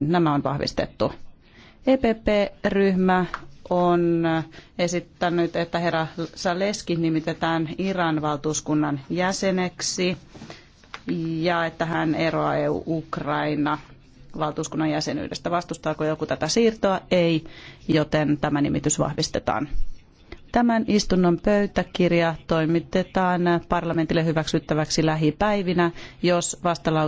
nämä on vahvistettu. EPP-ryhmä on esittänyt, että herra Saleski nimitetään Iran valtuuskunnan jäseneksi ja että hän eroaa EU-Ukraina valtuuskunnan jäsenyydestä. Vastustaako joku tätä siirtoa? Ei, joten tämä nimitys vahvistetaan. Tämän istunnon pöytäkirja toimitetaan parlamentille hyväksyttäväksi lähipäivinä, jos vastalaus